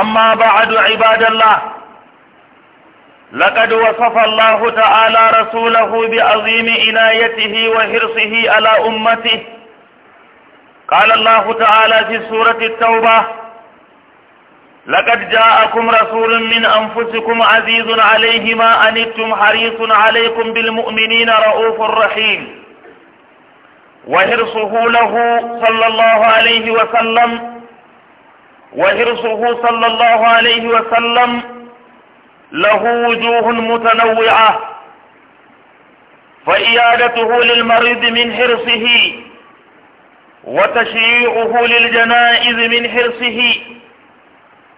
أما بعد عباد الله لقد وصف الله تعالى رسوله بعظيم إنايته وحرصه على أمته قال الله تعالى في سورة التوبة لقد جاءكم رسول من أنفسكم عزيز عليه ما أنتم حريص عليكم بالمؤمنين رؤوف رحيم وحرصه له صلى الله عليه وسلم وحرصه صلى الله عليه وسلم له وجوه متنوعة فإيادته للمريض من حرصه وتشييعه للجنائز من حرصه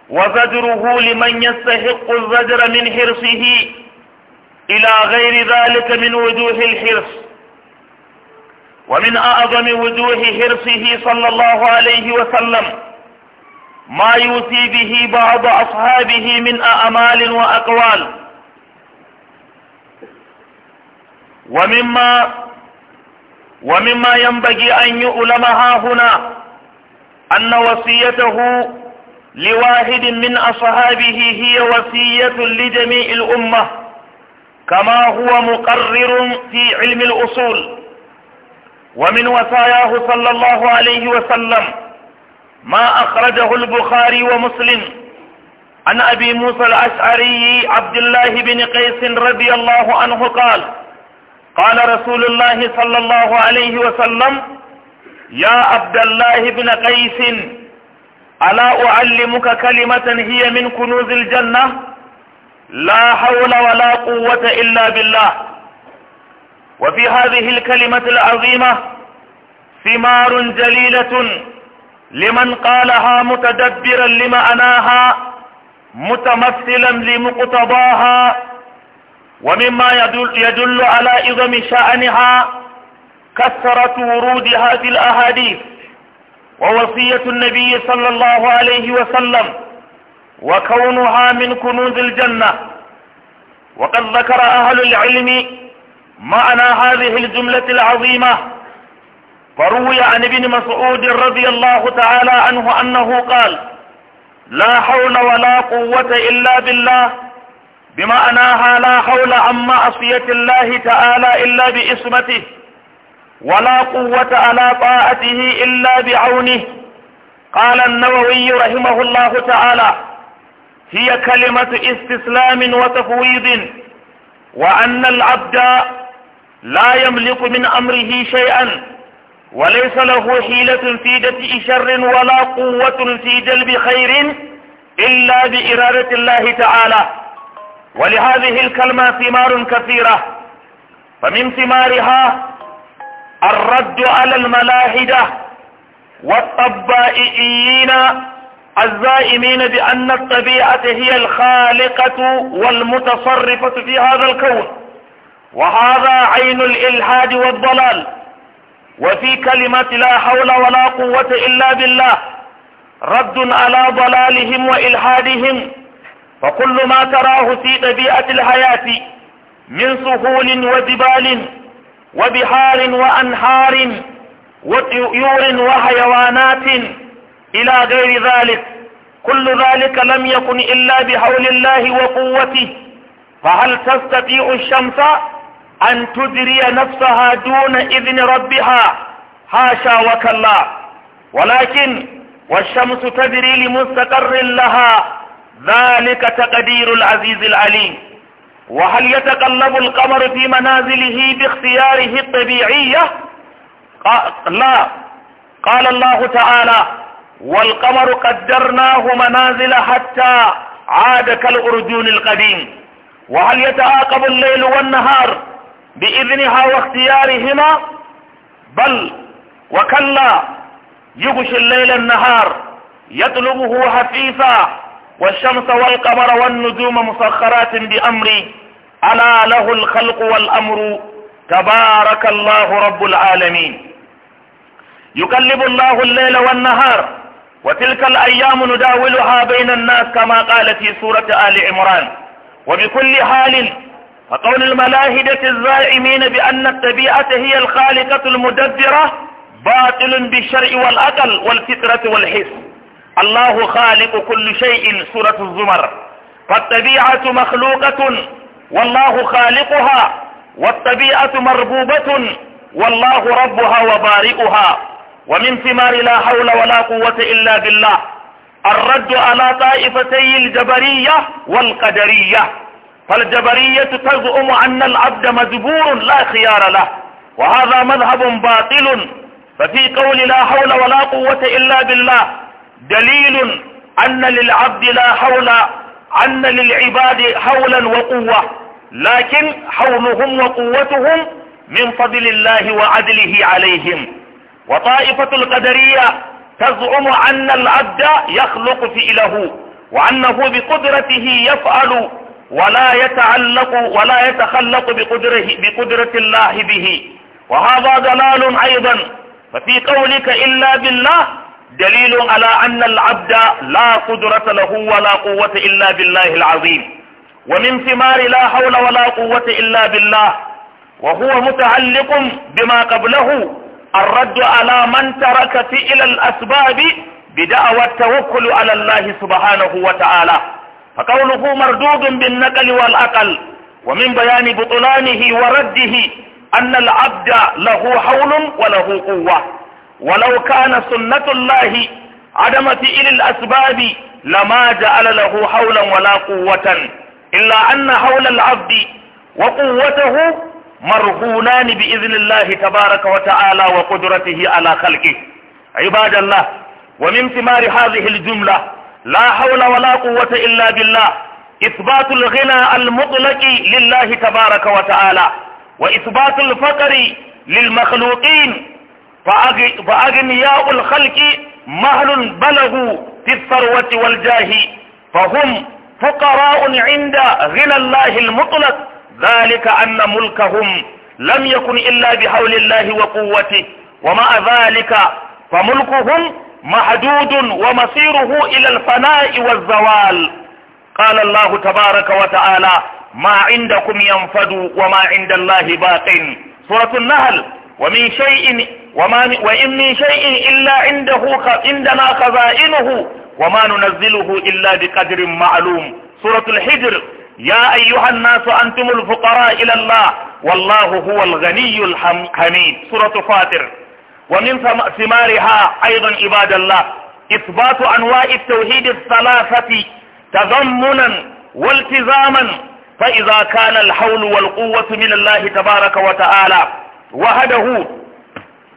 وزجره لمن يستحق الزجر من حرصه إلى غير ذلك من وجوه الحرص ومن أعظم وجوه حرصه صلى الله عليه وسلم ما يوصي به بعض أصحابه من أعمال وأقوال ومما ومما ينبغي أن يؤلمها هنا أن وصيته لواحد من أصحابه هي وصية لجميع الأمة كما هو مقرر في علم الأصول ومن وصاياه صلى الله عليه وسلم ما أخرجه البخاري ومسلم عن أبي موسى الأشعري عبد الله بن قيس رضي الله عنه قال قال رسول الله صلى الله عليه وسلم يا عبد الله بن قيس ألا أعلمك كلمة هي من كنوز الجنة لا حول ولا قوة إلا بالله وفي هذه الكلمة العظيمة ثمار جليلة لمن قالها متدبرا لمعناها متمثلا لمقتضاها ومما يدل, يدل على عظم شأنها كثرة ورودها في الأحاديث ووصية النبي صلى الله عليه وسلم وكونها من كنوز الجنة وقد ذكر أهل العلم معنى هذه الجملة العظيمة فروي عن ابن مسعود رضي الله تعالى عنه أنه قال لا حول ولا قوة إلا بالله بمعناها لا حول عن معصية الله تعالى إلا بإسمته ولا قوة على طاعته إلا بعونه قال النووي رحمه الله تعالى هي كلمة استسلام وتفويض وأن العبد لا يملك من أمره شيئا وليس له حيلة في دفع شر ولا قوة في جلب خير إلا بإرادة الله تعالى ولهذه الكلمة ثمار كثيرة فمن ثمارها الرد على الملاحدة والطبائيين الزائمين بأن الطبيعة هي الخالقة والمتصرفة في هذا الكون وهذا عين الإلحاد والضلال وفي كلمة لا حول ولا قوة إلا بالله رد على ضلالهم وإلحادهم فكل ما تراه في طبيعة الحياة من سهول وجبال وبحار وأنهار وطيور وحيوانات إلى غير ذلك كل ذلك لم يكن إلا بحول الله وقوته فهل تستطيع الشمس أن تدري نفسها دون إذن ربها حاشا وكلا ولكن والشمس تدري لمستقر لها ذلك تقدير العزيز العليم وهل يتقلب القمر في منازله باختياره الطبيعية لا قال الله تعالى والقمر قدرناه منازل حتى عاد كالأرجون القديم وهل يتعاقب الليل والنهار بإذنها واختيارهما بل وكلا يغشي الليل النهار يطلبه حفيفا والشمس والقمر والنجوم مسخرات بأمري ألا له الخلق والأمر تبارك الله رب العالمين يكلب الله الليل والنهار وتلك الأيام نداولها بين الناس كما قال في سورة آل عمران وبكل حال فقول الملاهدة الزائمين بأن الطبيعة هي الخالقة المدبرة باطل بالشرع والأقل والفطرة والحس الله خالق كل شيء سورة الزمر فالطبيعة مخلوقة والله خالقها والطبيعة مربوبة والله ربها وبارئها ومن ثمار لا حول ولا قوة إلا بالله الرد على طائفتي الجبرية والقدرية فالجبرية تزعم أن العبد مجبور لا خيار له وهذا مذهب باطل ففي قول لا حول ولا قوة إلا بالله دليل أن للعبد لا حول أن للعباد حولا وقوة لكن حولهم وقوتهم من فضل الله وعدله عليهم وطائفة القدرية تزعم أن العبد يخلق فئله وأنه بقدرته يفعل ولا يتعلق ولا يتخلق بقدره بقدرة الله به وهذا دلال أيضا ففي قولك إلا بالله دليل على أن العبد لا قدرة له ولا قوة إلا بالله العظيم ومن ثمار لا حول ولا قوة إلا بالله وهو متعلق بما قبله الرد على من ترك فعل الأسباب بدعوى التوكل على الله سبحانه وتعالى فقوله مردود بالنقل والأقل ومن بيان بطلانه ورده أن العبد له حول وله قوة ولو كان سنة الله عدم فئل الأسباب لما جعل له حولا ولا قوة إلا أن حول العبد وقوته مرهونان بإذن الله تبارك وتعالى وقدرته على خلقه عباد الله ومن ثمار هذه الجملة لا حول ولا قوة إلا بالله إثبات الغنى المطلق لله تبارك وتعالى وإثبات الفقر للمخلوقين فأغنياء الخلق مهل بلغوا في الثروة والجاه فهم فقراء عند غنى الله المطلق ذلك أن ملكهم لم يكن إلا بحول الله وقوته ومع ذلك فملكهم محدود ومصيره إلى الفناء والزوال قال الله تبارك وتعالى ما عندكم ينفد وما عند الله باق سورة النهل ومن شيء وما وإن من شيء إلا عنده عندنا خزائنه وما ننزله إلا بقدر معلوم سورة الحجر يا أيها الناس أنتم الفقراء إلى الله والله هو الغني الحميد سورة فاتر ومن ثمارها أيضا عباد الله إثبات أنواع التوحيد الثلاثة تضمنا والتزاما فإذا كان الحول والقوة من الله تبارك وتعالى وهده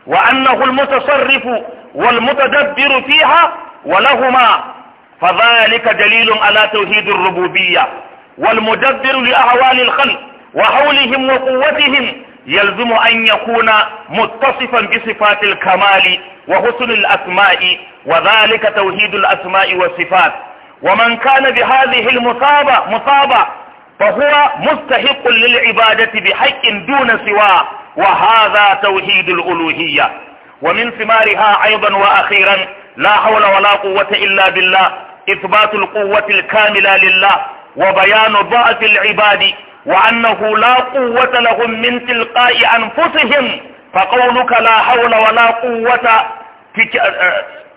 وأنه المتصرف والمتدبر فيها ولهما فذلك دليل على توحيد الربوبية والمدبر لأهوال الخلق وحولهم وقوتهم يلزم أن يكون متصفا بصفات الكمال وحسن الأسماء وذلك توحيد الأسماء والصفات ومن كان بهذه المصابة مصابة فهو مستحق للعبادة بحق دون سواه وهذا توحيد الألوهية ومن ثمارها أيضا وأخيرا لا حول ولا قوة إلا بالله إثبات القوة الكاملة لله وبيان ضعف العباد وأنه لا قوة لهم من تلقاء أنفسهم فقولك لا حول ولا قوة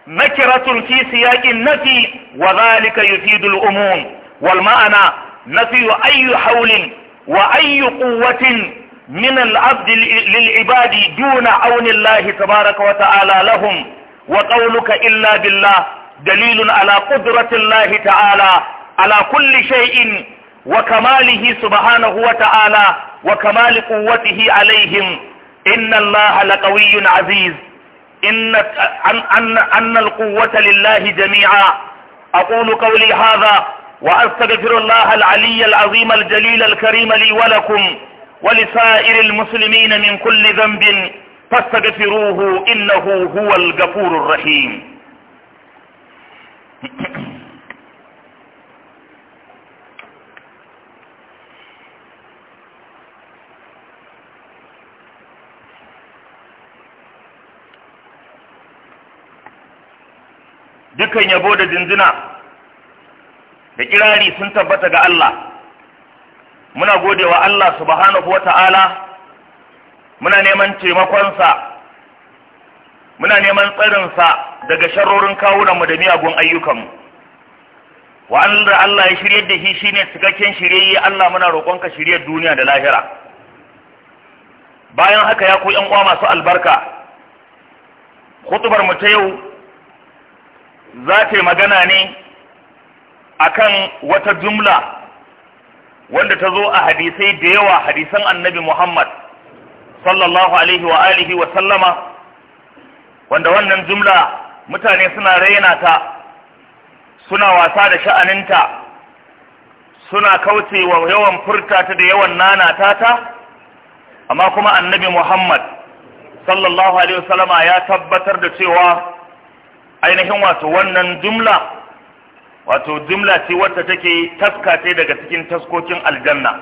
نكرة آه، آه، في سياق النفي وذلك يفيد الأموم والمعنى نفي أي حول وأي قوة من العبد للعباد دون عون الله تبارك وتعالى لهم وقولك إلا بالله دليل على قدرة الله تعالى على كل شيء وكماله سبحانه وتعالى وكمال قوته عليهم إن الله لقوي عزيز إن, أن, أن, أن القوة لله جميعا أقول قولي هذا وأستغفر الله العلي العظيم الجليل الكريم لي ولكم ولسائر المسلمين من كل ذنب فاستغفروه إنه هو الغفور الرحيم dukan yabo da jinjina da kirari sun tabbata ga Allah muna godewa Allah subhanahu wata'ala muna neman taimakonsa muna neman tsarinsa daga sharorin kawunanmu da miyagun ayyukanmu wa'anda Allah ya shirye da shi ne cikakken shirye Allah muna roƙonka shiryar duniya da lahira bayan haka ya ku yan uwa masu albarka hutubar mu ta yau za ta yi magana ne akan wata jumla wanda ta zo a hadisai da yawa hadisan annabi Muhammad sallallahu alaihi wa alihi wa sallama wanda wannan jumla mutane suna raina ta suna wasa da sha'aninta suna kauce wa yawan furta ta da yawan nana ta ta amma kuma annabi Muhammad sallallahu alaihi wa sallama ya tabbatar da cewa ainihin wato wannan jumla wato jumla ce wadda take taskace daga cikin taskokin aljanna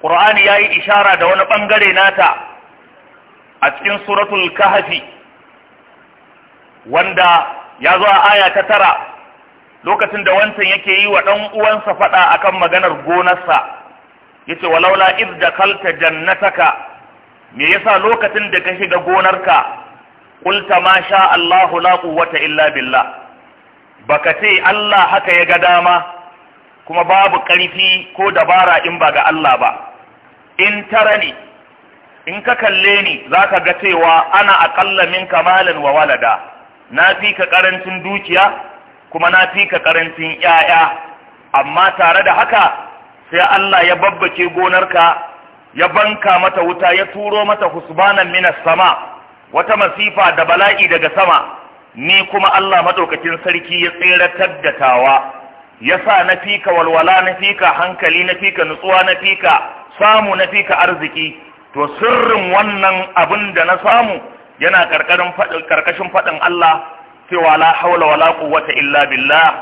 qur'ani yayi ishara da wani bangare nata a cikin suratul kahafi. wanda ya zo a aya ta tara lokacin da wancan yake yi wa dan uwansa faɗa akan maganar gonarsa yace walaula iz kalta jannataka me yasa lokacin da ka shiga gonarka ƙulta ma sha Allahu la wata illa billah baka ce Allah haka ya ga dama kuma babu ƙarfi ko dabara in ba ga Allah ba in tara ne in ka kalle ni za ka ga cewa ana aƙalla min kamalin wa walada na fi ka ƙarancin dukiya kuma na fi ka ƙarancin ‘ya'ya amma tare da haka sai Allah ya babbace gonarka ya banka mata wuta ya turo mata husbanan minas sama wata masifa da bala'i daga sama ni kuma Allah madaukakin sarki ya tseratar da tawa ya sa na fika walwala na fika hankali na fika nutsuwa na fika samu na fika arziki to sirrin wannan abin da na samu yana karkashin faɗin Allah cewa la haula wala quwwata illa billah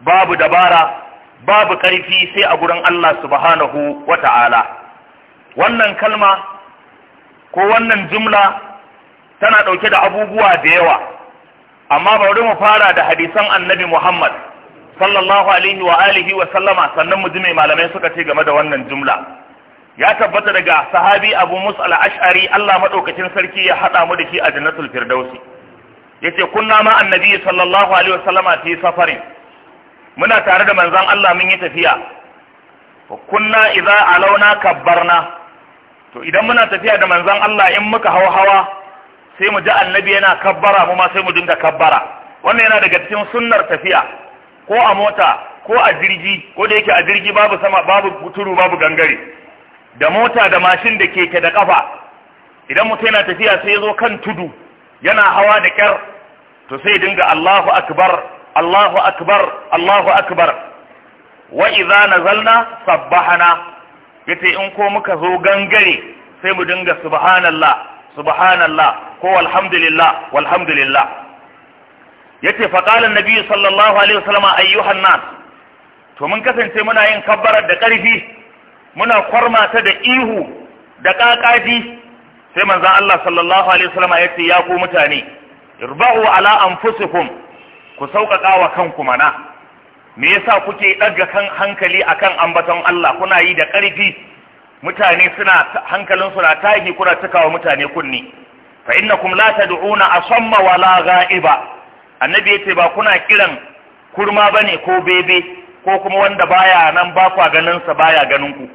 babu dabara babu ƙarfi sai a gurin Allah subhanahu wata'ala wannan kalma ko wannan jumla tana ɗauke da abubuwa da yawa amma bari mu fara da hadisan annabi Muhammad sallallahu alaihi wa alihi wa sallama sannan mu ji mai malamai suka ce game da wannan jumla ya tabbata daga sahabi Abu Musa al-Ash'ari Allah madaukakin sarki ya hada mu da shi a Jannatul Firdausi yace kunna ma annabi sallallahu alaihi wa sallama fi safarin muna tare da manzon Allah mun yi tafiya kunna idza alauna kabbarna to idan muna tafiya da manzon Allah in muka hau hawa sai mu ji annabi yana kabbara mu ma sai mu dinga kabbara wannan yana daga cikin sunnar tafiya ko a mota ko a jirgi ko da yake a jirgi babu sama babu turu babu gangare da mota da mashin da keke da kafa idan mutum yana tafiya sai ya zo kan tudu yana hawa da kyar to sai dinga Allahu akbar Allahu akbar Allahu akbar wa idza nazalna sabbahana yace in ko muka zo gangare sai mu dinga subhanallah subhanallah ko walhamdulillah walhamdulillah yace fa qala annabi sallallahu alaihi wasallam ayyuhan nas to mun kasance muna yin kabbarar da ƙarfi muna ta da ihu da ƙaƙaji sai manzon Allah sallallahu alaihi wasallam yace ya ku mutane irba'u ala anfusikum ku sauƙaƙa wa kanku mana me yasa kuke ɗaga kan hankali akan ambaton Allah kuna yi da ƙarfi mutane suna hankalin na tahi kuna wa mutane kunni fa innakum la tad'una asamma wala ghaiba annabi yace ba kuna kiran kurma bane ko bebe ko kuma wanda baya nan ba kwa ganin sa baya ganin ku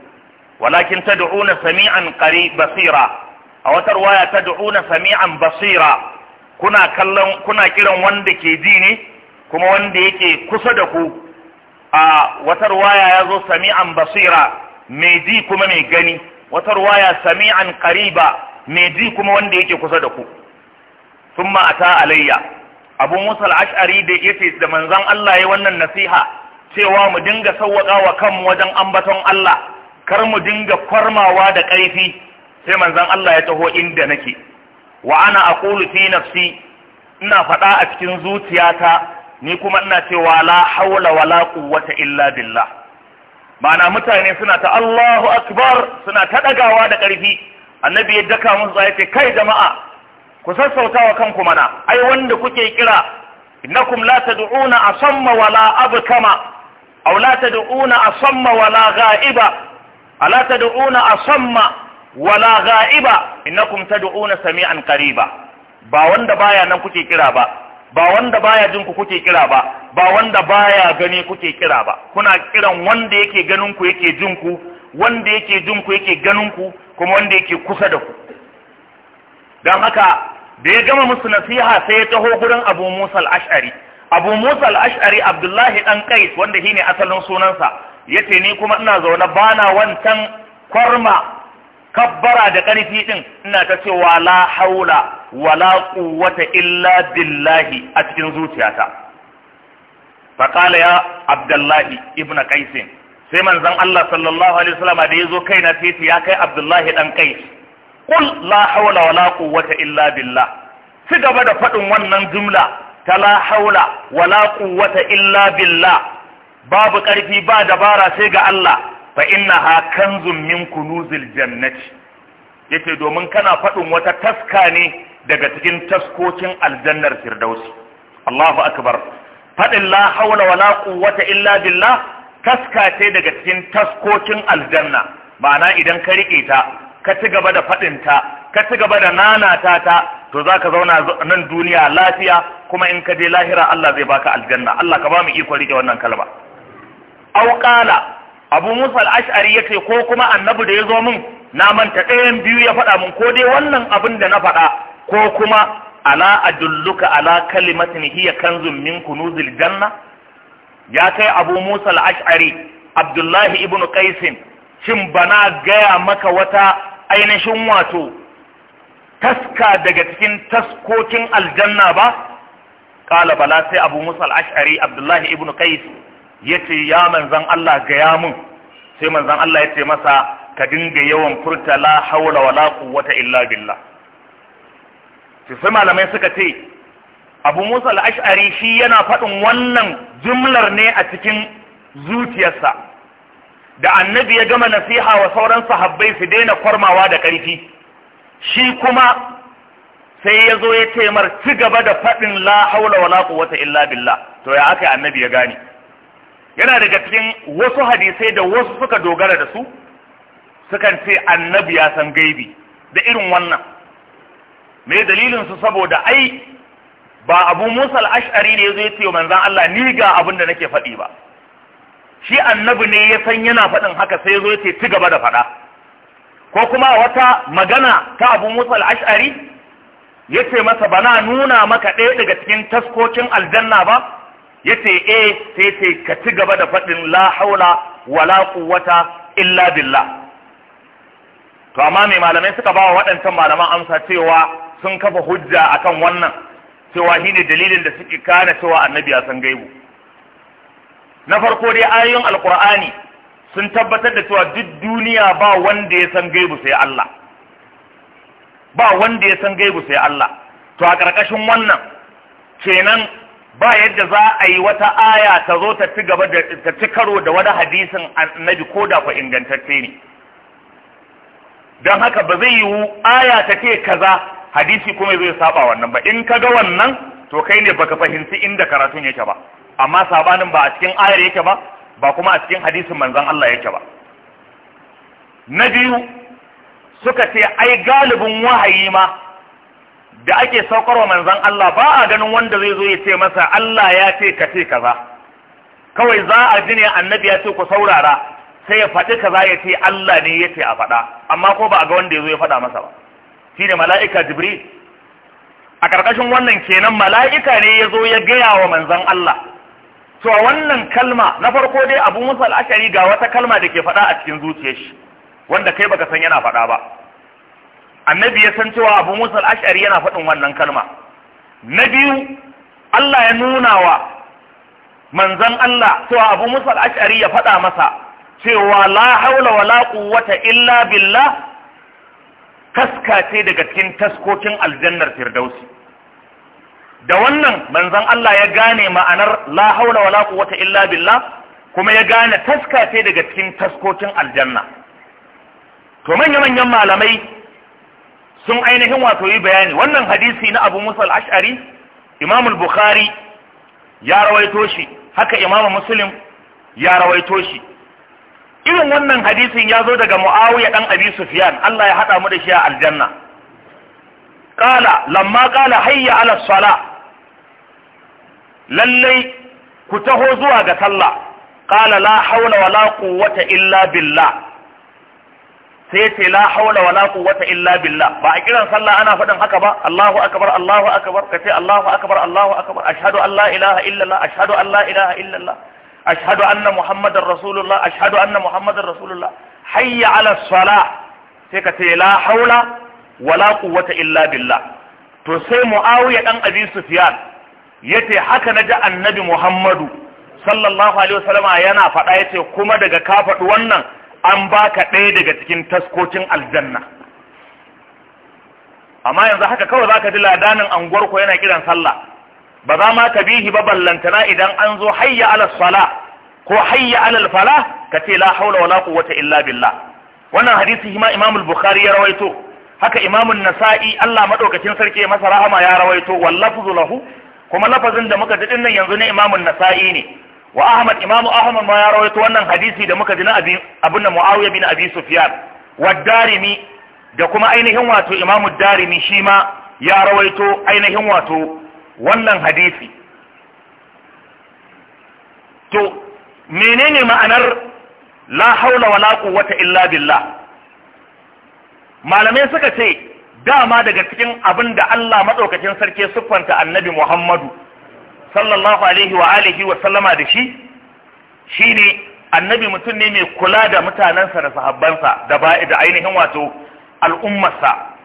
walakin tad'una sami'an qarib basira a wata riwaya tad'una sami'an basira kuna kallon kuna kiran wanda ke ji ne kuma wanda yake kusa da ku a wata riwaya yazo sami'an basira mai ji kuma mai gani wata ruwaya sami'an qariba mai ji kuma wanda yake kusa da ku thumma ata alayya abu musa ashari da yace da manzon Allah ya wannan nasiha cewa mu dinga sawwaka wa kanmu wajen ambaton Allah kar mu dinga kwarmawa da ƙarfi sai manzon Allah ya taho inda nake wa ana aqulu fi nafsi ina faɗa a cikin zuciyata ni kuma ina cewa la haula wala quwwata illa billah ma'ana mutane suna ta Allahu akbar suna ta dagawa da ƙarfi annabi ya daka musu tsaye ce kai jama'a ku sassautawa kanku mana ai wanda kuke kira innakum la tad'una asamma wala abkama aw la tad'una asamma wala ghaiba ala tad'una asamma wala ghaiba innakum tad'una sami'an qariba ba wanda baya nan kuke kira ba ba wanda baya jin ku kuke kira ba ba wanda baya gani kuke kira ba kuna kiran wanda yake ganin ku yake jin ku wanda yake jin ku yake ganin ku kuma wanda yake kusa da ku don haka da ya gama musu nasiha sai ya taho gurin abu musa al-ash'ari abu musa al-ash'ari abdullahi dan qais wanda shine asalin sunansa yace ni kuma ina zaune bana wancan kwarma kabbara da ƙarfi din ina ta cewa la haula wala quwwata illa billahi a cikin zuciyata faƙala ya abdullahi ibn qaisin sai manzon Allah sallallahu alaihi wasallam da yazo kaina sai ya kai abdullahi dan qais qul la hawla wala quwwata illa billah ci gaba da faɗin wannan jumla ta la haula wala quwwata illa billah babu ƙarfi ba dabara sai ga Allah fa innaha kanzun min kunuzil jannati yace domin kana faɗin wata taska ne daga cikin taskokin aljannar firdausi Allahu akbar faɗin la haula wala quwwata illa billah taska ce daga cikin taskokin aljanna ma'ana idan ka rike ta ka ci gaba da faɗin ta ka ci gaba da nanata ta to zaka zauna nan duniya lafiya kuma in ka je lahira Allah zai baka aljanna Allah ka ba mu iko rike wannan kalma aw qala abu musa al-ash'ari yace ko kuma annabi da ya zo min na manta ɗayan biyu ya faɗa min ko dai wannan abin da na faɗa ko kuma ala adulluka ala kalimatin hiya kanzun min kunuzil janna ya kai abu musa al-ash'ari abdullahi ibn qaisin shin bana gaya maka wata ainihin wato taska daga cikin taskokin aljanna ba kala bala sai abu musa al-ash'ari abdullahi ibn qais yace ya manzan Allah gaya mun sai manzan Allah yace masa ka dinga yawan furta la hawla wala quwwata illa billah sai malamai suka ce abu musa al'ash'ari shi yana faɗin wannan jumlar ne a cikin zuciyarsa da annabi ya gama nasiha wa sauran sahabbai su daina kwarmawa da ƙarfi shi kuma sai ya zo ya ce mar ci gaba da faɗin la haula wa wala quwwata illa billah to ya aka annabi ya gane yana daga cikin wasu hadisai da wasu suka dogara da su sukan ce annabi ya san gaibi da irin wannan me dalilin su saboda ai ba Abu Musa al-Ash'ari ne zai ce manzon Allah ni ga abin da nake faɗi ba shi annabi ne ya san yana faɗin haka sai yazo ce ci gaba da faɗa ko kuma wata magana ta Abu Musa al-Ash'ari yace masa bana nuna maka ɗaya daga cikin taskokin aljanna ba yace eh sai sai ka ci gaba da faɗin la haula wala quwwata illa billah to amma mai malamai suka ba wa waɗancan malaman amsa cewa sun kafa hujja akan wannan cewa shine dalilin da suke kana cewa annabi ya san gaibu na farko dai ayoyin alqur'ani sun tabbatar da cewa duk duniya ba wanda ya san gaibu sai Allah ba wanda ya san gaibu sai Allah to a ƙarƙashin wannan kenan ba yadda za a yi wata aya ta zo ta ci gaba da ta ci karo da wani hadisin annabi ko da ku ingantacce ne don haka ba zai yiwu aya ta ce kaza hadisi kuma zai saba wannan ba in ga wannan to kai ne baka fahimci inda karatun yake ba amma sabanin ba a cikin ayar yake ba ba kuma a cikin hadisin manzon Allah yake ba na biyu suka ce ai galibin wahayi ma da ake saukar wa manzon Allah ba a ganin wanda zai zo ya ce masa Allah ya ce ka ce kaza kawai za a ji ne annabi ya ce ku saurara sai ya faɗi kaza ya ce Allah ne ya ce a faɗa amma ko ba a ga wanda ya zo ya faɗa masa ba Shi ne mala'ika jibril a ƙarƙashin wannan kenan mala'ika ne ya zo ya gaya wa manzan Allah to a wannan kalma na farko dai abu musal al'ashari ga wata kalma da ke faɗa a cikin zuciyar shi wanda kai baka san yana faɗa ba annabi ya san cewa abu musal al'ashari yana faɗin wannan kalma na biyu Allah ya nuna wa manzan Allah to abu musal al'ashari ya faɗa masa cewa la haula wa la quwwata illa billah taska daga cikin taskokin aljannar firdausi da wannan manzon Allah ya gane ma'anar la haula wala quwwata illa billah kuma ya gane taska daga cikin taskokin aljanna to manya manyan malamai sun ainihin wato yi bayani wannan hadisi na Abu Musa al-Ash'ari Imam al-Bukhari ya rawaito shi haka Imam Muslim ya rawaito shi irin wannan hadisin ya zo daga muawiya dan abi sufyan Allah ya hada mu da shi a aljanna qala lamma qala hayya ala sala lallai ku taho zuwa ga sallah qala la hawla wala quwwata illa billah sai ce la hawla wala quwwata illa billah ba a kiran sallah ana faɗin haka ba Allahu akbar Allahu akbar kace Allahu akbar Allahu akbar ashhadu an la ilaha illallah ashhadu an la ilaha illallah ashhadu anna muhammadar rasulullah ashhadu anna muhammadar rasulullah hayya ala sai ka ce la haula wala quwwata illa billah to sai muawiya dan abi sufyan yace haka ji annabi muhammadu sallallahu alaihi wasallama yana faɗa yace kuma daga ka faɗi wannan an baka ɗaya daga cikin taskokin aljanna amma yanzu haka kawai zaka ji ladanin anguwar yana kiran sallah ba za ma ka bihi ba ballantana idan an zo hayya ala sala ko hayya ala fala ka ce la haula wala quwwata illa billah wannan hadisi hima imamul bukhari ya rawaito haka imamun nasa'i Allah madaukakin sarki masara masa rahama ya rawaito wallafu lahu kuma lafazin da muka ji dinnan yanzu ne imamun nasa'i ne wa ahmad imamu ahmad ma ya rawaito wannan hadisi da muka ji na abin da muawiya bin abi sufyan wa darimi da kuma ainihin wato imamu darimi shi ma ya rawaito ainihin wato wannan hadisi to menene ma'anar la haula wala quwwata illa billah malamai suka ce dama daga cikin abinda Allah madaukakin sarki sufanta annabi Muhammadu sallallahu alaihi wa alihi wa sallama da shi shine annabi mutum ne mai kula da mutanensa da sahabbansa da ba'i da ainihin wato al'ummarsa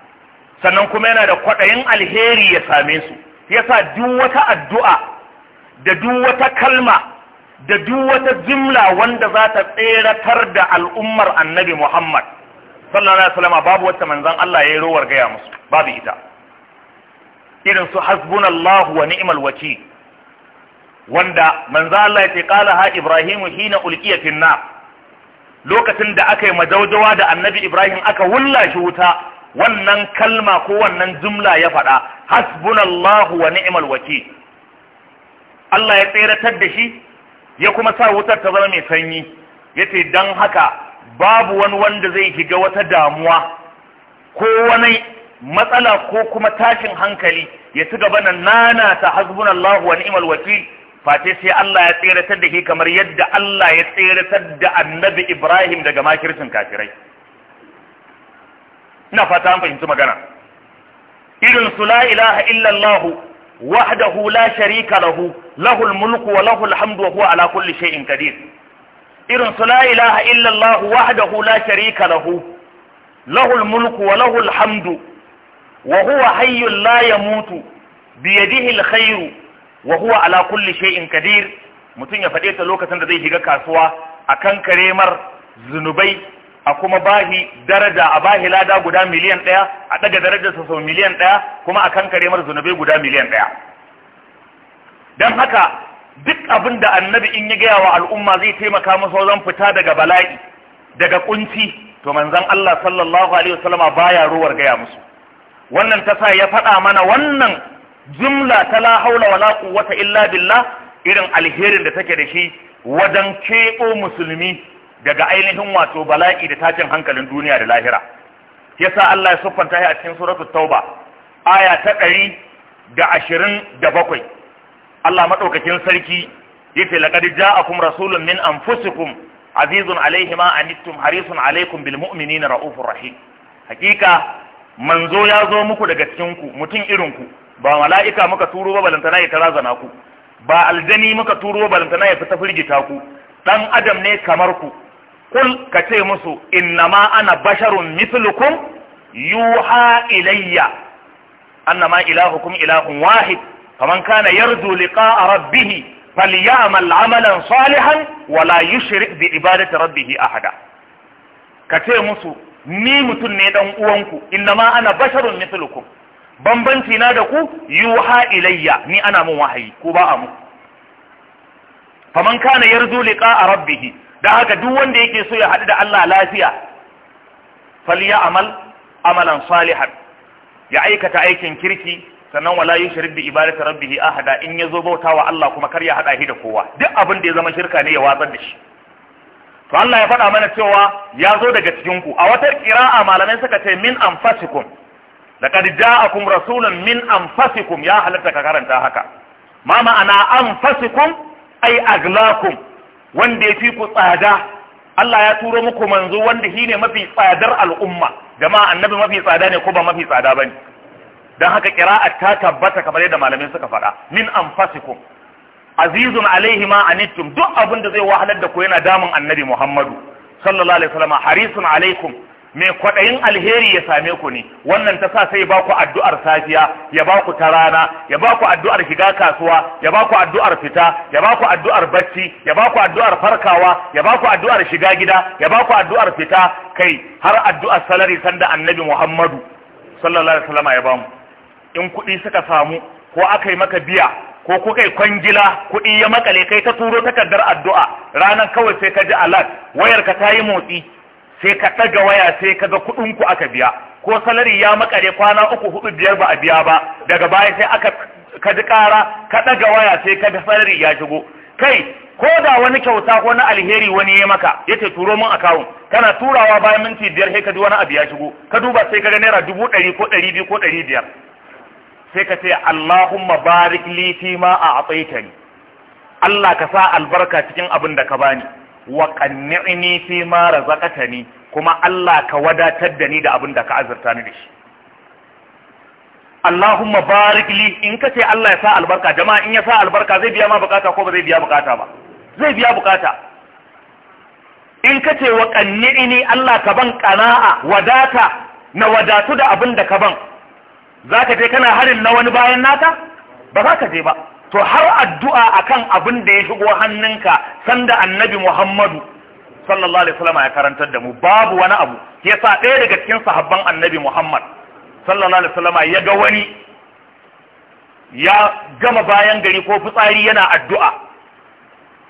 sannan kuma yana da kwaɗayin alheri ya same su yasa duk wata addu'a da duk wata kalma da duk wata jimla wanda za ta tseratar da al'ummar annabi Muhammad sallallahu alaihi wasallam babu wata manzon Allah yi rowar gaya musu babu ita irin su hasbunallahu wa ni'mal waki wanda manzon Allah ya ce qala ha ibrahimu hina ulqiya fin lokacin da aka yi majaujawa da annabi Ibrahim aka wulla shi wuta wannan kalma ko wannan jumla ya faɗa hasbunallahu wa ni'mal wakil Allah ya tseratar da shi ya kuma sa wutar ta zama mai sanyi yace dan haka babu wani wanda zai shiga wata damuwa ko wani matsala ko kuma tashin hankali ya ci gaba na nana ta hasbunallahu wa ni'mal wakil face sai Allah ya tseratar da shi kamar yadda Allah ya tseratar da annabi Ibrahim daga makircin kafirai ina fata an fahimci magana irin su la ilaha illallah wahdahu la sharika lahu lahul mulku wa lahul hamdu wa huwa ala kulli shay'in qadir irin su la ilaha illallah wahdahu la sharika lahu lahul mulku wa lahul hamdu wa huwa hayyul la yamutu biyadihi alkhairu wa huwa ala kulli shay'in qadir mutun ya fade ta lokacin da zai shiga kasuwa akan karemar zunubai a kuma bahi daraja a bahi lada guda miliyan ɗaya a ɗaga darajarsa sau miliyan ɗaya kuma a kankare mar zunubai guda miliyan ɗaya don haka duk abin da annabi in ya gaya wa al'umma zai taimaka musu wajen fita daga bala'i daga kunci to manzon Allah sallallahu alaihi wasallama baya ruwar gaya musu wannan tasa ya faɗa mana wannan jumla ta la haula wala quwwata illa billah irin alherin da take da shi wajen keɓo musulmi daga ainihin wato bala'i da tashin hankalin duniya da lahira yasa Allah ya siffanta shi a cikin suratul tauba aya ta ɗari da ashirin da bakwai Allah maɗaukakin sarki yace laqad ja'akum rasulun min anfusikum azizun alayhi ma anittum harisun alaykum bil mu'minina raufur rahim hakika manzo ya zo muku daga cikin ku mutum irin ku ba mala'ika muka turo ba balantana ya tarazana ku ba aljani muka turo ba balantana ya fita firgita ku dan adam ne kamar ku kul ka ce musu innama ana basharun mithlukum yuha ilayya annama ilahukum ilahun wahid faman kana yarju liqa'a rabbih falyamal 'amalan salihan wala yushrik bi ibadati rabbih ahada ka ce musu ni mutun ne dan uwanku innama ana basharun mithlukum bambanci na da ku yuha ilayya ni ana mun wahayi ku ba a mu faman kana yarju a rabbihi. dan haka duk wanda yake so ya haɗu da Allah lafiya falya amal amalan salihan ya aikata aikin kirki sannan wala yushrik bi ibadati rabbih ahada in yazo bautawa Allah kuma kar ya hada shi da kowa duk abin da ya zama shirka ne ya watsar da shi to Allah ya faɗa mana cewa ya zo daga cikin ku a wata qira'a malamai suka ce min anfasikum laqad ja'akum rasulun min anfasikum ya halatta ka karanta haka ma ma'ana anfasikum ai aglakum wanda ya fi ku tsada Allah ya turo muku manzo wanda ne mafi tsadar al'umma jama'a annabi mafi tsada ne ko ba mafi tsada bane dan haka kira ta tabbata kamar yadda malamin suka faɗa min anfasikum azizun alaihi ma anittum duk abin da zai wahalar da ku yana damun annabi Muhammadu sallallahu alaihi wasallam harisun alaikum mai kwaɗayin alheri ya same ku ne wannan ta sa sai ba ku addu'ar safiya ya ba ku ta rana ya ba ku addu'ar shiga kasuwa ya ba ku addu'ar fita ya ba ku addu'ar bacci ya ba ku addu'ar farkawa ya ba ku addu'ar shiga gida ya ba ku addu'ar fita kai har addu'ar salari sanda annabi muhammadu sallallahu alaihi wasallam ya bamu in kuɗi suka samu ko aka yi maka biya ko ku kai kwangila kuɗi ya makale kai ta turo takardar addu'a ranar kawai sai ka ji alat wayar ka ta yi motsi sai ka ɗaga waya sai ka ga kuɗin ku aka biya ko salari ya makare kwana uku hudu biyar ba a biya ba daga baya sai aka ka ji ƙara ka ɗaga waya sai ka ga salari ya shigo kai ko da wani kyauta ko na alheri wani ya maka ya turo min akawun kana turawa bayan minti biyar sai ka ji wani abu ya shigo ka duba sai ka ga naira dubu ɗari ko ɗari biyu ko ɗari biyar sai ka ce Allahumma barik li fi ma a Allah ka sa albarka cikin abin da ka bani wa qanni'ni fi ma razaqtani kuma Allah ka wadatar da ni da abin da ka azurta ni da shi Allahumma barik li in ka ce Allah ya sa albarka jama'a in ya sa albarka zai biya ma bukata ko ba zai biya bukata ba zai biya bukata in ka ce wa qanni'ni Allah ka ban qana'a wadata na wadatu da abin da ka ban zaka je kana harin na wani bayan naka ba za ka je ba to har addu'a a kan abin da ya shigo hannunka sanda annabi Muhammadu sallallahu alaihi wasallam ya karantar da mu babu wani abu sa ɗaya daga cikin sahabban annabi Muhammad sallallahu alaihi wasallam ya ga wani ya gama bayan gari ko fitsari yana addu'a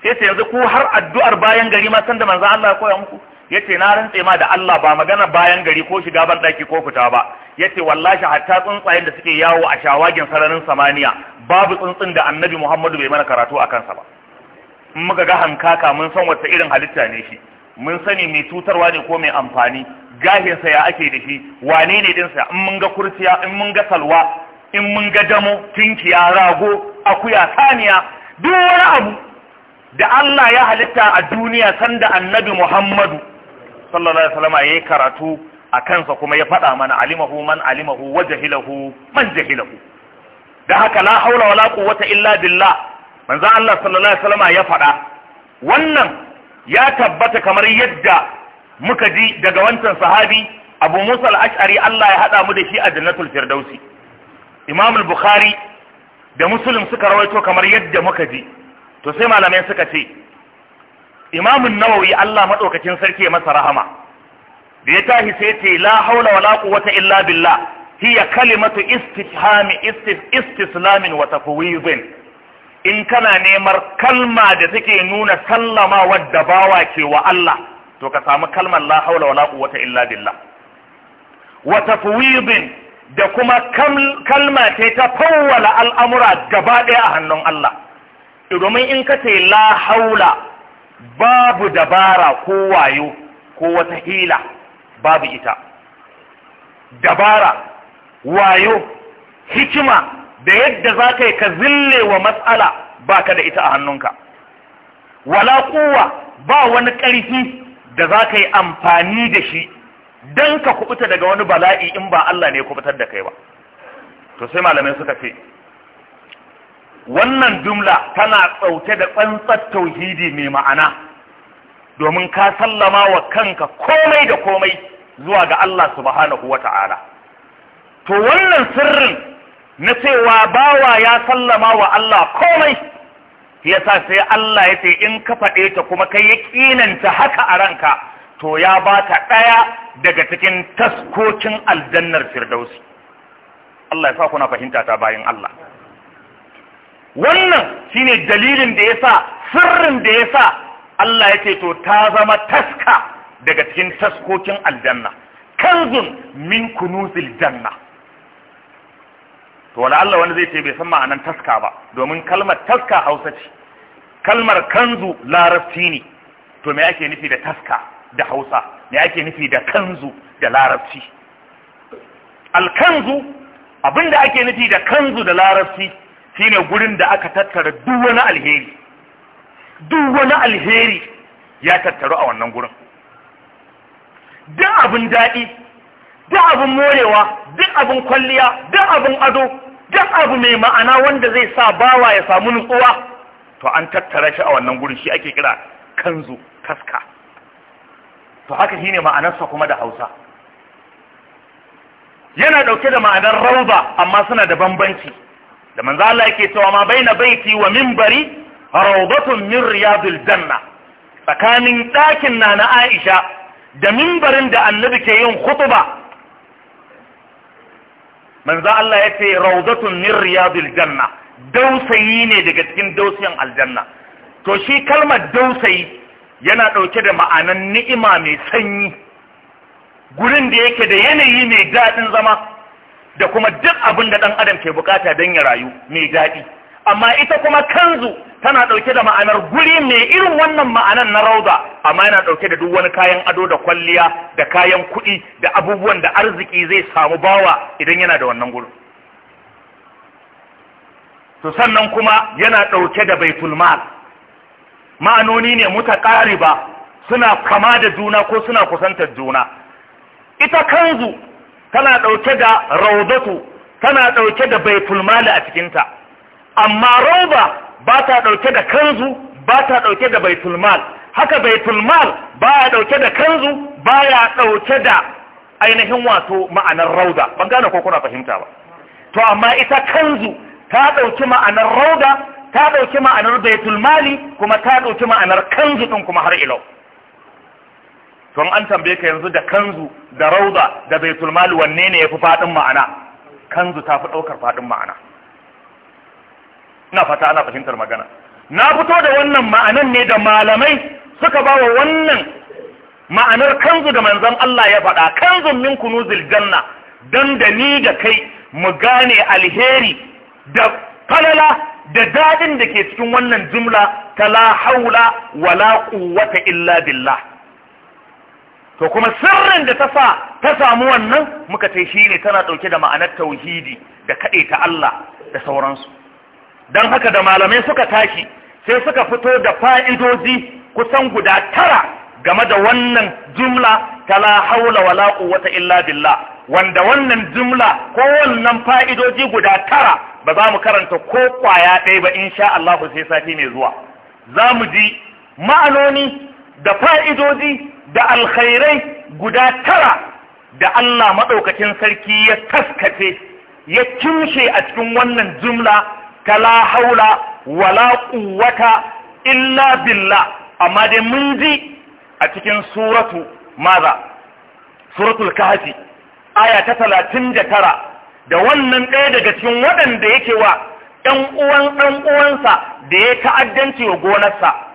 sai yanzu ku har addu'ar bayan gari ma san da manzo Allah koya muku yace na rantse ma da Allah ba magana bayan gari ko shiga ban daki ko fita ba yace wallahi hatta tsuntsayen da suke yawo a shawagin sararin samaniya babu tsuntsun da Annabi Muhammadu bai mana karatu a kansa ba in muka ga hankaka mun san wata irin halitta ne shi mun sani mai cutarwa ne ko mai amfani gahinsa ya ake da shi wane ne din dinsa in mun ga kurciya in mun ga salwa in mun ga damo tinkiya rago akuya saniya duk wani abu da Allah ya halitta a duniya sanda annabi Muhammadu sallallahu alaihi wasallam yayi karatu a kansa kuma ya faɗa mana alimahu man alimahu wa jahilahu man jahilahu da haka la haula wala quwwata illa billah manzo Allah sallallahu alaihi wasallam ya faɗa wannan ya tabbata kamar yadda muka ji daga wancan sahabi Abu Musa al-Ash'ari Allah ya hada mu da shi a Jannatul Firdausi Imam al-Bukhari da Muslim suka rawaito kamar yadda muka ji to sai malamai suka ce imamun nawawi Allah madaukakin sarki masa rahama da ya tahi sai ce la haula wala quwwata illa billah hiya kalimatu istihami istislamin wa tafwidin in kana neman kalma da take nuna sallama wadda bawa ke wa Allah to ka samu kalmar la haula wala quwwata illa billah wa tafwidin da kuma kalma ce ta fawwala al'amura gaba daya a hannun Allah domin in ka ce la haula babu dabara ko wayo ko wata hila babu ita dabara wayo hikima da yadda za ka yi ka zille wa matsala ba ka da ita a hannunka wala kowa ba wani ƙarfi da za ka yi amfani da shi don ka kubuta daga wani bala'i in ba Allah ne ya kubutar da kai ba to sai malamai suka ce wannan jumla tana tsaute da tsantsar tauhidi mai ma'ana domin ka sallama wa kanka komai da komai zuwa ga Allah subhanahu wa ta'ala to wannan sirrin na cewa bawa ya sallama wa Allah komai yasa sai Allah ya ce in ka faɗe ta kuma kai ya ƙinanta haka a ranka to ya baka ɗaya daga cikin taskokin aljannar firdausi Allah ya sa kuna fahimta ta bayan Allah wannan shine dalilin da ya sa sirrin da ya sa Allah ya ce to ta zama taska daga cikin taskokin aljanna kanzun min kunuzil janna to wala Allah wani zai ce bai san ma'anan taska ba domin kalmar taska Hausa ce kalmar kanzu larabci ne to me ake nufi da taska da Hausa me ake nufi da kanzu da larabci alkanzu abinda ake nufi da kanzu da larabci shine gurin da aka tattara duk wani alheri duk wani alheri ya tattaru a wannan gurin duk abin daɗi duk abin morewa duk abin kwalliya duk abin ado duk abu mai ma'ana wanda zai sa bawa ya samu nutsuwa to an tattara shi a wannan gurin shi ake kira kanzu kaska to haka shine ma'anarsa kuma da hausa yana ɗauke da ma'anar rauba amma suna da bambanci da manzo Allah yake cewa ma baina baiti wa minbari rawdatun min riyadil janna tsakanin ɗakin na na Aisha da minbarin da annabi ke yin khutba manzo Allah yace rawdatun min riyadil janna dausayi ne daga cikin dausayin aljanna to shi kalmar dausayi yana ɗauke da ma'anan ni'ima mai sanyi gurin da yake da yanayi mai daɗin zama da kuma duk abin da ɗan adam ke bukata don ya rayu mai daɗi amma ita kuma kanzu tana ɗauke da ma'anar guri mai irin wannan ma'anar na rauda amma yana ɗauke da duk wani kayan ado da kwalliya da kayan kuɗi da abubuwan da arziki zai samu bawa idan yana da wannan guri to sannan kuma yana ɗauke da baitul mal ma'anoni ne ba suna kama da juna ko suna kusantar juna ita kanzu tana ɗauke da raudatu tana ɗauke da baitul a cikinta amma rauda ba ta ɗauke da kanzu ba ta ɗauke da baitul haka baitul mal ba ya ɗauke da kanzu ba ya ɗauke da ainihin wato ma'anar rauda ban gane ko kuna fahimta ba to amma ita kanzu ta ɗauki ma'anar rauda ta ɗauki ma'anar baitul kuma ta ɗauki ma'anar kanzu ɗin kuma har ilau to an tambaye ka yanzu da kanzu da Rauza da baitul mal wanne ne yafi faɗin ma'ana kanzu fi ɗaukar faɗin ma'ana ina fata ana fahimtar magana na fito da wannan ma'anan ne da malamai suka ba wa wannan ma'anar kanzu da manzon Allah ya faɗa kanzun min kunuzil janna dan da ni da kai mu gane alheri da falala da dadin da ke cikin wannan jumla ta la haula wala quwwata illa billah to kuma sirrin da ta sa ta samu wannan muka ce shi ne tana ɗauke da ma'anar tauhidi da kaɗe ta Allah da sauransu don haka da malamai suka tashi sai suka fito da fa'idoji kusan guda tara game da wannan jumla ta la haula wa la wata illa billah wanda wannan jumla ko wannan fa'idoji guda tara ba za mu karanta ko kwaya ɗaya ba in sha Allah sai sati mai zuwa za mu ji ma'anoni da fa'idoji da alkhairai guda tara da Allah maɗaukacin sarki ya taskace ya kimshe a cikin wannan jumla ta la haula wala quwwata illa billah amma dai mun ji a cikin suratu maza suratul kahfi aya ta 39 da wannan ɗaya daga cikin waɗanda yake wa ɗan uwan ɗan uwansa da ya ta'addanci wa gonarsa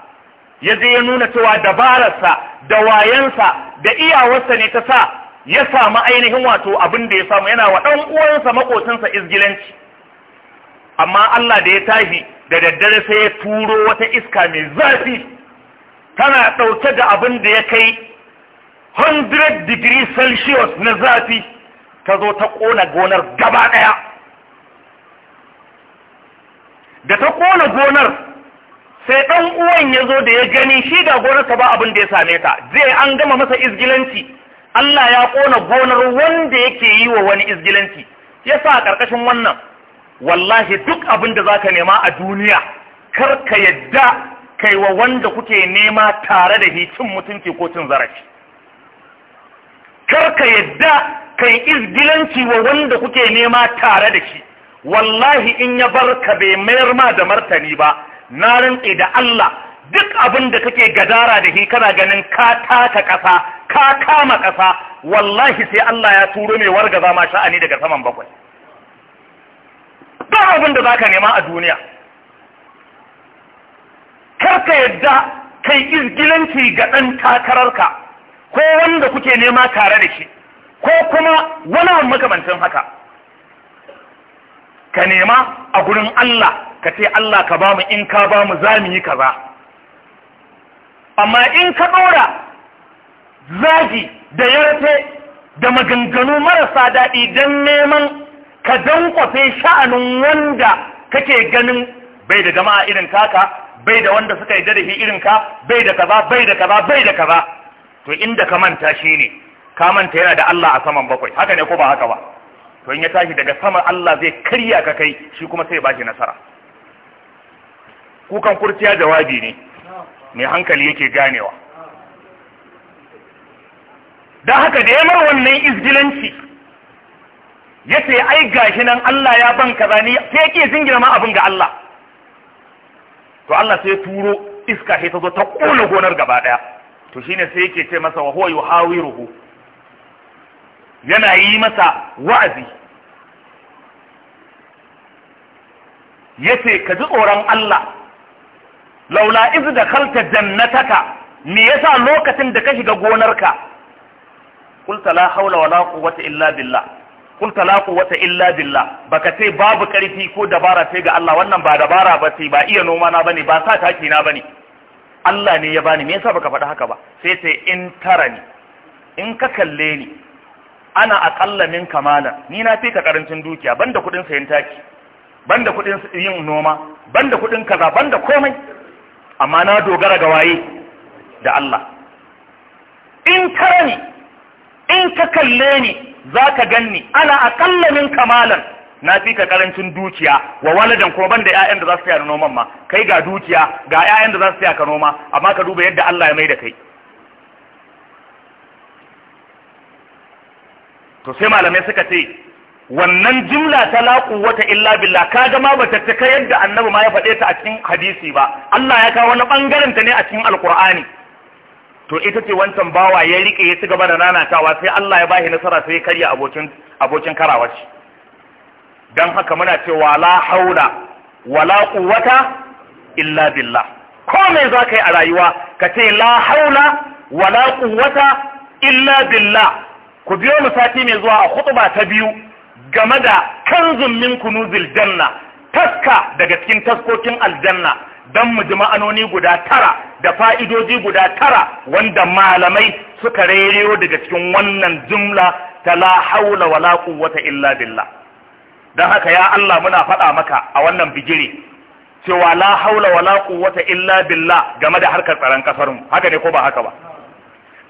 ya je ya nuna cewa dabararsa da wayansa da iyawarsa ne ta sa ya samu ainihin wato abin da ya samu yana wa ɗan uwansa makocinsa izgilanci amma Allah da ya tashi da daddare sai ya turo wata iska mai zafi tana ɗauke da abin da ya kai 100 digiri celsius na zafi ta zo ta ƙona gonar gaba ɗaya da ta ƙona gonar sai ɗan uwan ya zo da ya gani shi da gonarsa ba abin da ya same ta zai an gama masa izgilanci Allah ya kona gonar wanda yake yi wa wani izgilanci yasa a ƙarƙashin wannan wallahi duk abin da zaka nema a duniya kar ka yadda kai wa wanda kuke nema tare da hicin mutunci ko cin zarafi kar ka yadda kai izgilanci wa wanda kuke nema tare da shi wallahi in ya bar ka bai mayar ma da martani ba na rantse da Allah duk abin da kake gadara da shi kana ganin ka taka ƙasa ka kama ƙasa wallahi sai Allah ya turo mai wargaza ma sha'ani daga saman bakwai Ba abin da za ka nema a duniya karka yadda kai izgilanci ga ɗan takararka ko wanda kuke nema tare da shi ko kuma wani makamancin haka ka nema a gurin Allah ka ce Allah ka ba mu in ka ba mu za mu yi kaza amma in ka ɗora zagi da yarfe da maganganu marasa daɗi don neman ka dankwafe sha'anin wanda kake ganin bai da jama'a irin kaka bai da wanda suka yi dadahi irin ka bai da kaza bai da kaza bai da kaza to inda ka manta shi shine ka manta yana da Allah a saman bakwai haka ne ko ba haka ba to in ya tashi daga saman Allah zai karya ka kai shi kuma sai ya bashi nasara kukan kurciya jawabi ne mai hankali yake ganewa don haka da ya yamar wannan izgilanci ya ce ai gashi nan Allah ya ban kaza ni sai yake zingira ma abin ga Allah to Allah sai turo iska sai ta zo ta kona gonar gaba daya to shine sai yake ce masa wa huwa yuhawiruhu yana yi masa wa'azi yace ka ji tsoron Allah laula iz dakhalta jannataka me yasa lokacin da ka shiga gonarka qulta la hawla wala quwwata illa billah qulta la quwwata illa billah baka ce babu karfi ko dabara sai ga Allah wannan ba dabara ba sai ba iya noma na bane ba sa taki na bane Allah ne ya bani me yasa baka faɗi haka ba sai sai in tarani in ka kalle ni ana aƙalla min kamala ni na fi ka karancin dukiya banda kuɗin sayan taki banda kuɗin yin noma banda kuɗin kaza banda komai amma na dogara ga waye da Allah in karani in ka kalle ni za ka ganni ana aƙalla min kamalan na fi ka karancin dukiya wa waladan kuma banda ƴaƴan da za su tsaya noman ma kai ga dukiya ga ƴaƴan da za su tsaya ka noma amma ka duba yadda Allah ya mai da kai to sai malamai suka ce wannan jimla ta laƙu wata illa billah ka ga ma bata ta kai yadda annabi ma ya faɗe ta a cikin hadisi ba Allah ya kawo wani bangaren ta ne a cikin alkur'ani to ita ce wancan bawa ya rike ya ci gaba da nanatawa sai Allah ya bashi nasara sai ya karya abokin abokin karawar shi dan haka muna cewa la haula wala quwwata illa billah ko me za ka yi a rayuwa ka ce la haula wala quwwata illa billah ku biyo mu sati mai zuwa a khutba ta biyu game da kanzun min kunuzil janna taska daga cikin taskokin aljanna dan mu ji ma'anoni guda tara da fa'idoji guda tara wanda malamai suka rereyo daga cikin wannan jumla ta la haula wala quwwata illa billah dan haka ya Allah muna faɗa maka a wannan bigiri, cewa la haula wala quwwata illa billah game da harkar tsaron kasar mu haka ne ko ba haka ba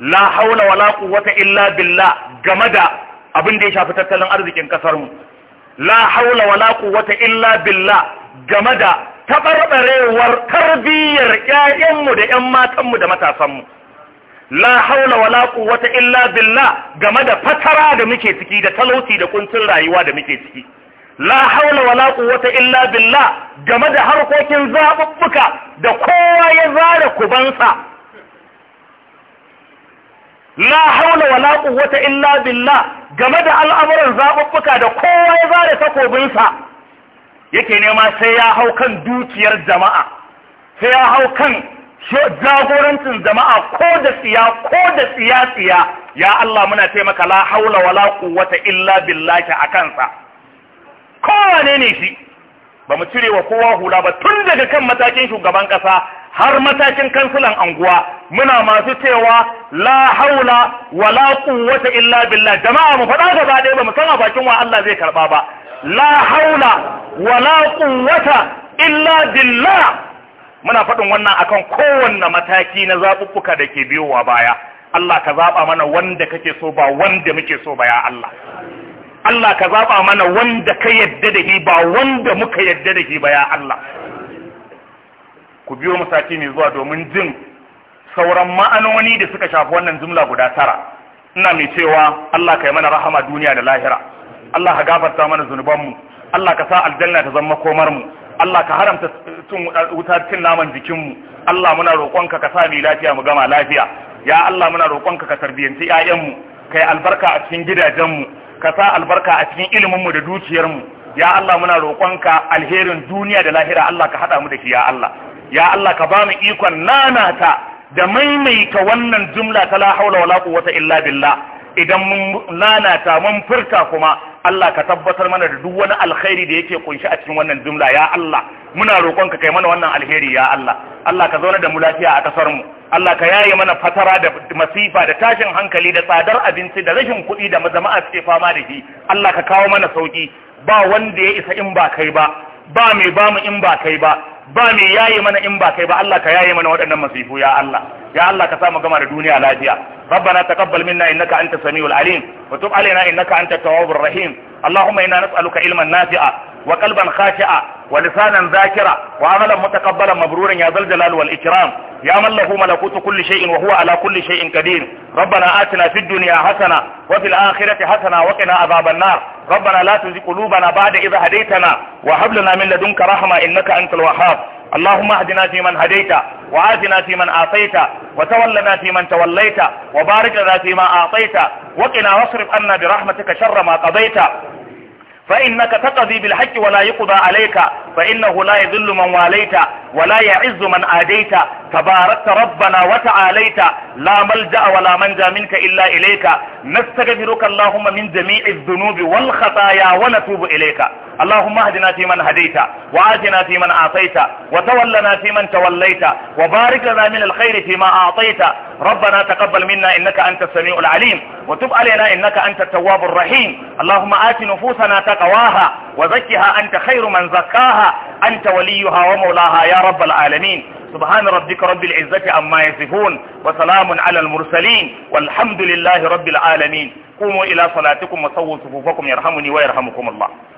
la haula wala quwwata illa billah game da abin da ya shafi tattalin arzikin kasar mu la haula wala quwwata illa billah game da tabarbarewar tarbiyyar ƴaƴanmu da ƴan matanmu da matasanmu la haula wala quwwata illa billah game da fatara da muke ciki da talauci da kuncin rayuwa da muke ciki la haula wala quwwata illa billah game da harkokin zabubbuka da kowa ya zara kubansa la haula wala quwwata illa billah game da al'amuran zabubbuka da kowa ya zare takobinsa yake nema sai ya hau kan dukiyar jama'a sai ya hau kan jagorancin jama'a ko da tsiya ko da tsiya tsiya ya Allah muna taimaka la haula wala quwwata illa billahi a kansa ne ne shi ba mu cire wa kowa hula ba tun daga kan matakin shugaban kasa har matakin kansulan anguwa muna masu cewa la haula wala quwwata illa billah jama'a mu faɗa gaba ɗaya ba mu san a bakin wa Allah zai karba ba la haula wala quwwata illa billah muna faɗin wannan akan kowanne mataki na zabubbuka da ke biyowa baya Allah ka zaba mana wanda kake so ba wanda muke so ba ya Allah Allah ka zaba mana wanda ka yadda da shi ba wanda muka yadda da shi ba ya Allah ku biyo mu sati mai zuwa domin jin sauran ma'anoni da suka shafi wannan jumla guda tara ina mai cewa Allah ka yi mana rahama duniya da lahira Allah ka gafarta mana zunubanmu Allah ka sa aljanna ta zama komar mu Allah ka haramta cin wuta cin naman jikinmu Allah muna roƙonka ka sa mu lafiya mu gama lafiya ya Allah muna roƙonka ka tarbiyyanci ƴaƴanmu kai albarka a cikin gidajenmu ka sa albarka a cikin iliminmu da dukiyarmu ya Allah muna roƙonka alherin duniya da lahira Allah ka haɗa mu da shi ya Allah ya Allah ka ba mu ikon nanata da maimaita wannan jumla ta la haula wala quwwata illa billah idan mun nanata mun furta kuma Allah ka tabbatar mana da duk wani alkhairi da yake kunshi a cikin wannan jumla ya Allah muna roƙon ka kai mana wannan alheri ya Allah Allah ka zauna da mu lafiya a kasar mu Allah ka yaye mana fatara da masifa da tashin hankali da tsadar abinci da rashin kuɗi da jama'a suke fama da shi Allah ka kawo mana sauki ba wanda ya isa in ba kai ba ba mai bamu in ba kai ba ba mai yaye mana in ba kai ba Allah ka yaye mana waɗannan masifu ya Allah ya Allah ka samu gama da duniya lafiya rabbana taqabbal minna innaka antas samiul alim wa tub in innaka antat tawwabur rahim allahumma inna nas'aluka ilman nafi'a wa kalban khashi'a wa lisanan zakira wa amalan mutaqabbalan mabruran ya zal jalal wal ikram ya mallaku lahu malakutu kulli shay'in wa huwa ala kulli shay'in qadir rabbana atina fid dunya hasana wa fil akhirati hasana wa qina adhaban nar rabbana la tuzigh qulubana ba'da idh hadaytana wa hab lana min ladunka rahma innaka antal wahhab اللهم اهدنا فيمن هديت وعافنا فيمن عافيت وتولنا فيمن توليت وبارك لنا فيما اعطيت وقنا واصرف عنا برحمتك شر ما قضيت فإنك تقضي بالحق ولا يقضى عليك فإنه لا يذل من واليت ولا يعز من آديت تباركت ربنا وتعاليت لا ملجأ ولا منجا منك إلا إليك نستغفرك اللهم من جميع الذنوب والخطايا ونتوب إليك اللهم اهدنا فيمن هديت وآتنا فيمن آتيت وتولنا فيمن توليت وبارك لنا من الخير فيما أعطيت ربنا تقبل منا إنك أنت السميع العليم وتب علينا إنك أنت التواب الرحيم اللهم آت نفوسنا zakawaha wa zakkiha anta khairu man zakkaha anta waliyuha wa mawlaha ya rabbal alamin subhana rabbika rabbil izzati amma yasifun wa salamun ala al mursalin walhamdulillahi rabbil alamin qumu ila salatikum wa sawwu sufufakum yarhamuni wa yarhamukum allah